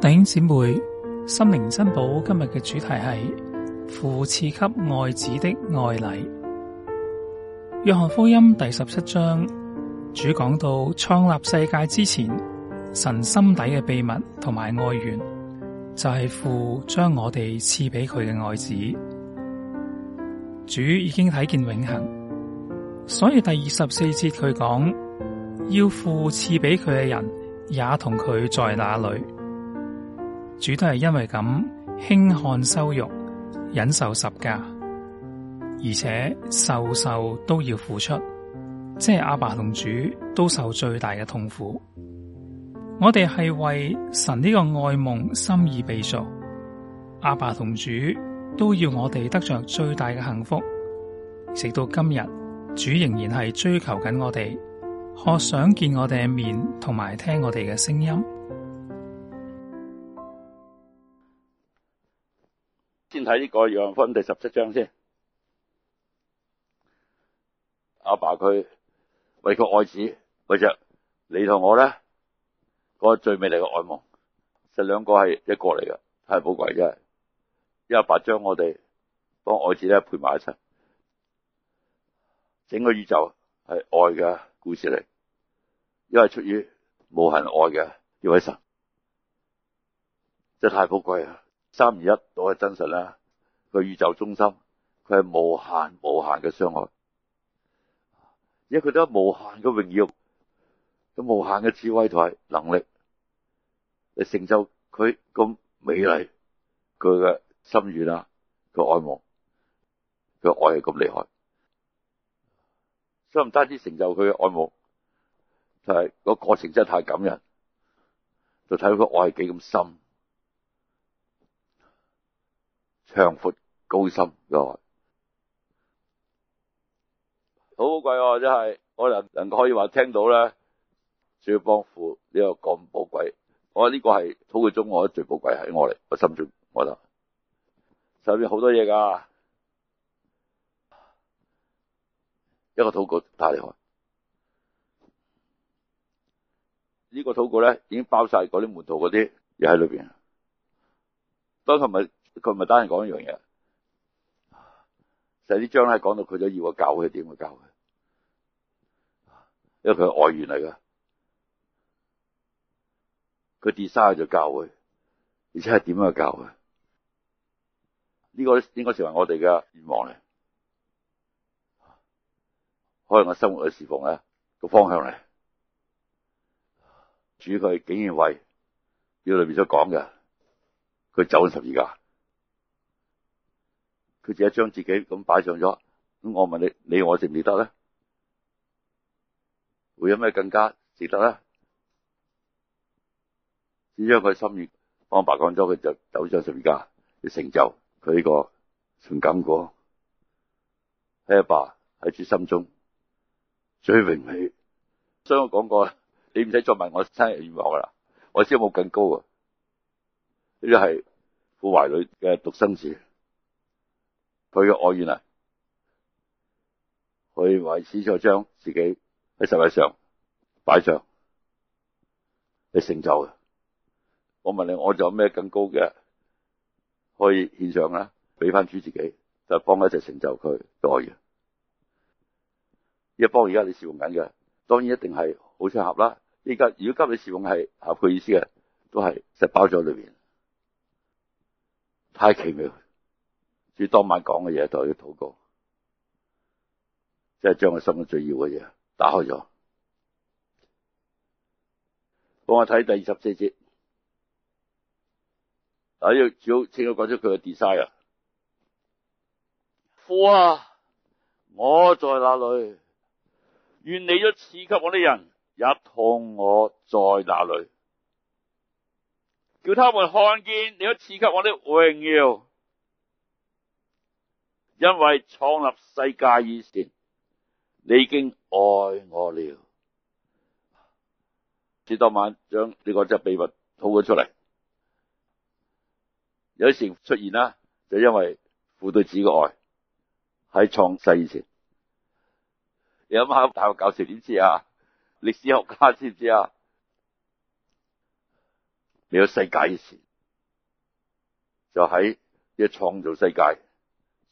弟兄姊妹，心靈珍寶今日嘅主題係父賜給愛子的愛禮。約翰福音第十七章主講到創立世界之前，神心底嘅秘密同埋愛願，就係父將我哋賜俾佢嘅愛子。主已經睇見永恆，所以第二十四節佢講，要父賜俾佢嘅人，也同佢在那裡。主都係因為咁輕看羞辱，忍受十架，而且受受都要付出，即係阿爸同主都受最大嘅痛苦。我哋係為神呢個愛夢心意被造，阿爸同主都要我哋得着最大嘅幸福。直到今日，主仍然係追求緊我哋，可想見我哋嘅面，同埋聽我哋嘅聲音。睇呢個《約翰福音》第十七章先，阿爸佢為佢愛子，為着你同我咧，個最美麗嘅愛夢，實兩個係一個嚟嘅，太寶貴嘅。因為阿爸將我哋幫愛子咧陪埋一齊，整個宇宙係愛嘅故事嚟，因為出於無限愛嘅呢位神，真係太寶貴啦！三二一，我係真實啦。個宇宙中心，佢係無限無限嘅傷害，因為佢都無限嘅榮耀，咁無限嘅智慧同埋能力，你成就佢咁美麗，佢嘅心願啊，佢愛慕，佢愛係咁厲害，所以唔單止成就佢嘅愛慕，就係、是、個過程真係太感人，就睇佢愛係幾咁深。長闊高深，好好寶貴、啊，真係我能能夠可以話聽到咧，主要幫富呢、這個咁寶貴，我呢個係禱告中我覺得最寶貴喺我哋我心中我覺得，上面好多嘢噶，一個禱告太厲害。呢、這個禱告咧已經包晒嗰啲門徒嗰啲，嘢喺裏邊，當同埋佢咪單係講一樣嘢，就啲章咧講到佢都要個教佢點去教佢，因為佢係外員嚟噶，佢跌沙就教佢，而且係點去教佢？呢個應該成為我哋嘅願望嚟，可能我生活嘅侍奉咧個方向嚟。主佢竟然為，表裏邊所講嘅，佢走咗十字架。佢自己將自己咁擺上咗，咁我問你，你我值唔值得咧？會有咩更加值得咧？只因佢心意，阿爸講咗，佢就走咗十字架，嘅成就，佢呢個成就感喺阿爸喺主心中最榮美。所以我講過你唔使再問我生日願望啦，我先有冇更高啊，呢啲係父懷裏嘅獨生子。佢嘅愛願啊，去為始再將自己喺世界上擺上嚟成就嘅。我問你，我仲有咩更高嘅可以獻上啦、啊？俾翻主自己，就幫、是、佢一齊成就佢都可以。呢一幫而家你侍奉緊嘅，當然一定係好適合啦。依家如果今日你侍奉係合佢意思嘅，都係實在包咗裏邊，太奇妙。你當晚講嘅嘢就係佢禱告，即係將佢心裡最要嘅嘢打開咗。我睇第二十四節，啊要最好講出佢嘅 design 啊！父啊，我在哪裡，願你所賜給我的人也同我在那裡，叫他們看見你所賜給我的榮耀。因為創立世界以前，你已經愛我了。至當晚將呢個隻秘密吐咗出嚟，有時出現啦，就因為父對子嘅愛喺創世以前。你諗下，大學教授點知啊？歷史學家知唔知啊？未有世界以前，就喺一創造世界。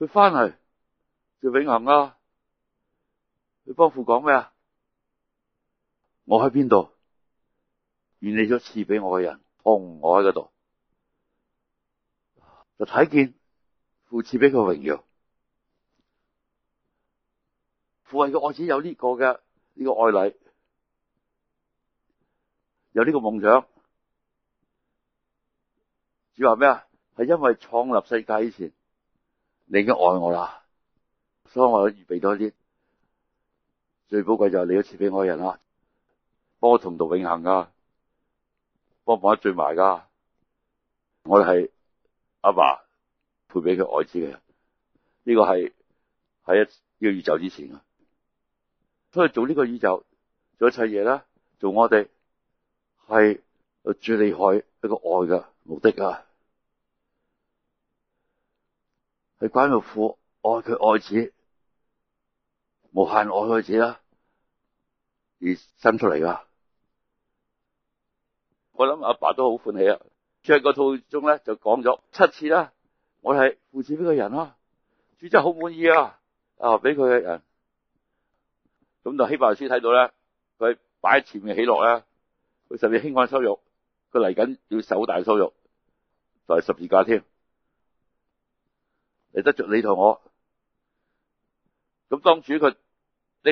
佢翻嚟就永恆啦！佢幫父講咩啊？他幫父什麼我喺邊度？願祢所賜俾我嘅人，同我喺嗰度就睇見父賜俾佢榮耀。父為佢愛子有呢個嘅呢、這個愛禮，有呢個夢想。主話咩啊？係因為創立世界以前。你已經愛我啦，所以我要預備多啲最寶貴就係你都賜俾我嘅人啦，幫我同到永恒噶、啊，幫我望得最埋噶，我哋係阿爸配俾佢愛子嘅，呢、這個係一啊呢個宇宙之前啊，所以做呢個宇宙做一切嘢啦，做我哋係最厲害一個愛嘅目的啊！佢關於父愛佢愛子，無限愛愛子啦，而生出嚟噶。我諗阿爸都好歡喜啊！着個套中咧就講咗七次啦，我係扶持呢個人啦，主真係好滿意啊！啊，俾佢嘅人咁，就希伯來書睇到咧，佢擺喺前面喜樂咧，佢甚至輕看羞辱，佢嚟緊要受大羞辱，就係、是、十字架添。你得着你同我，咁當主佢呢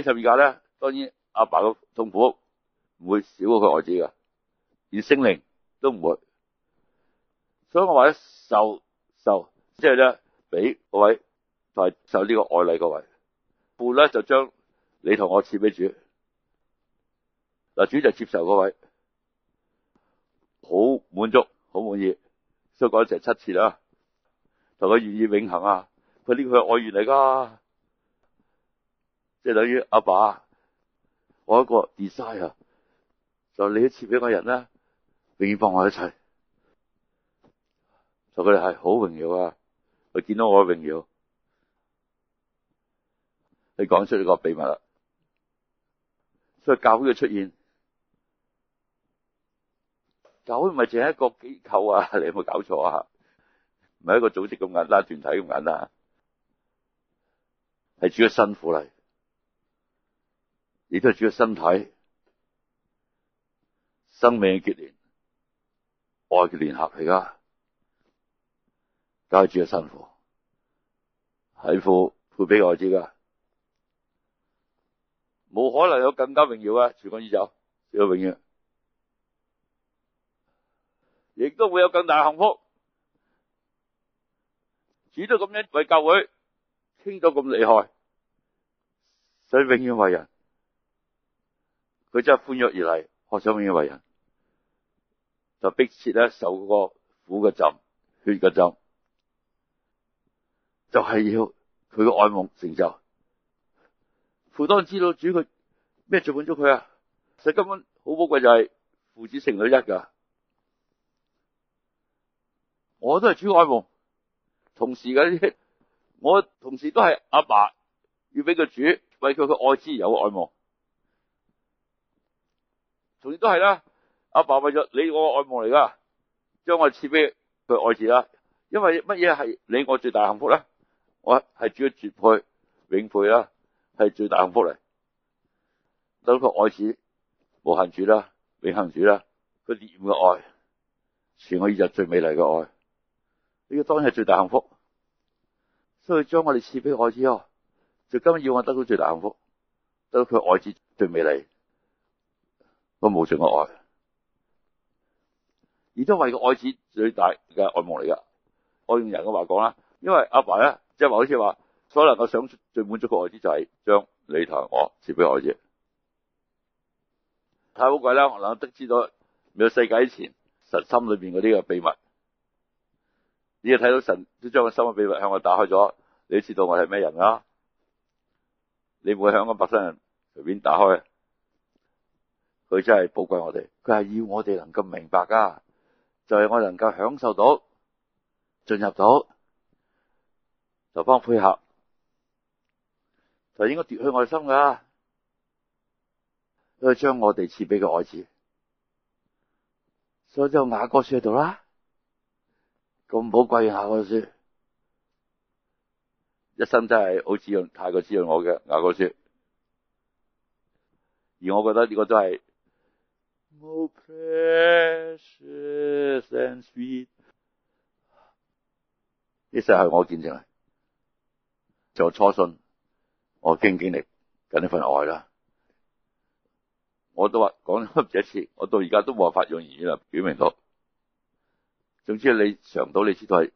十字架咧，當然阿爸個痛苦唔會少過佢兒子噶，連聖靈都唔會。所以我話一受受，即係咧俾個位係受呢個愛禮個位，父咧就將你同我賜俾主，嗱主就接受個位，好滿足，好滿意。所以講成七次啦。就佢願意永恆啊！佢呢個係愛願嚟噶，即係等於阿爸，爸，我一個 design 啊，就你一賜俾我人啦，永遠放我一齊。就佢哋係好榮耀啊！佢見到我嘅榮耀，你講出呢個秘密啦。所以教會嘅出現，教會唔係淨係一個機構啊！你有冇搞錯啊？唔係一個組織咁簡單，拉團體咁簡單啦吓，係主要辛苦嚟，亦都係主要身體、生命嘅結連、愛嘅聯合嚟噶，梗係主要辛苦，喺富配俾我知噶，冇可能有更加榮耀啊！曙光已少有榮耀，亦都會有更大幸福。主都咁樣為教會傾到咁厲害，所以永遠為人，佢真係歡躍而嚟，為想永遠為人，就迫切咧受嗰個苦嘅浸、血嘅浸，就係要佢嘅愛慕成就。父當知道主佢咩最滿足佢啊，其實根本好寶貴就係父子成女一噶。我都係主愛慕。同時啲，我同事都係阿爸，爸要俾佢主，為佢嘅愛子而愛慕。同時都係啦，阿爸為咗你我嘅愛慕嚟㗎，將我賜俾佢愛子啦。因為乜嘢係你我最大幸福咧？我係主嘅絕配、永配啦，係最大幸福嚟。等佢愛子無限主啦，永恒主啦，佢憐嘅愛全我以日最美麗嘅愛。呢個當然係最大幸福，所以將我哋賜俾愛子，就今日要我得到最大幸福，得到佢愛子最美麗、都無最無盡嘅愛。而都係個愛子最大嘅愛慕嚟噶。我用人嘅話講啦，因為阿爸咧，即係話好似話，所能夠想最滿足嘅愛子就係、是、將你同我賜俾愛子。太好鬼啦！我能夠得知未到未有世界以前，神心裏邊嗰啲嘅秘密。你睇到神都將個心嘅秘密向我打開咗，你知道我係咩人啦、啊。你唔會向個陌生人隨便打開，佢真係寶貴我哋。佢係要我哋能夠明白噶，就係、是、我們能夠享受到、進入到，就幫配合，就是、應該奪去愛心噶，都係將我哋賜俾個愛子。所以就雅歌書度啦。咁寶貴下雅歌書，一生真係好滋潤，太過滋潤我嘅呀，雅歌書，而我覺得呢個都係，呢世係我見證，就初信，我經經歷緊呢份愛啦。我都話講咗唔止一次，我到而家都冇法用言語嚟表明到。總之你嘗到你，這個你你，你知道係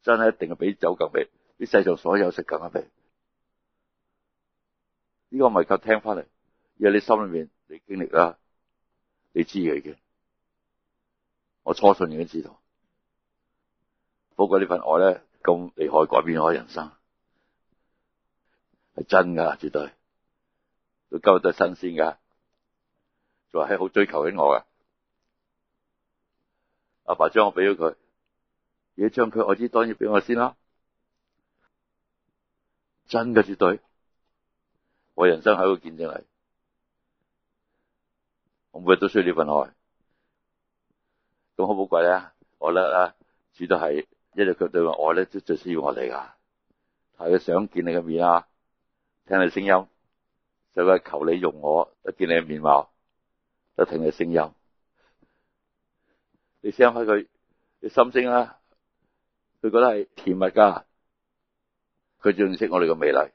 真係一定係比酒更味，比世上所有食更加味。呢個唔係靠聽翻嚟，而係你心裏面你經歷啦，你知佢嘅，我初信已經知道，不過呢份愛咧咁厲害，改變我人生係真噶，絕對都夠得新鮮噶，仲係好追求緊我㗎。阿爸將我俾咗佢，而家將佢我之多啲俾我先啦。真嘅絕對，我人生喺度見證嚟，我每日都需要呢份愛，咁好寶貴咧。我諗啊，主都係，因為佢對個我咧，都最需要我哋噶係佢想見你嘅面啊，聽你聲音，就佢求你容我，得見你嘅面貌，得聽你嘅聲音。你聲開佢，你心聲啦，佢覺得係甜蜜噶，佢最認識我哋嘅美麗。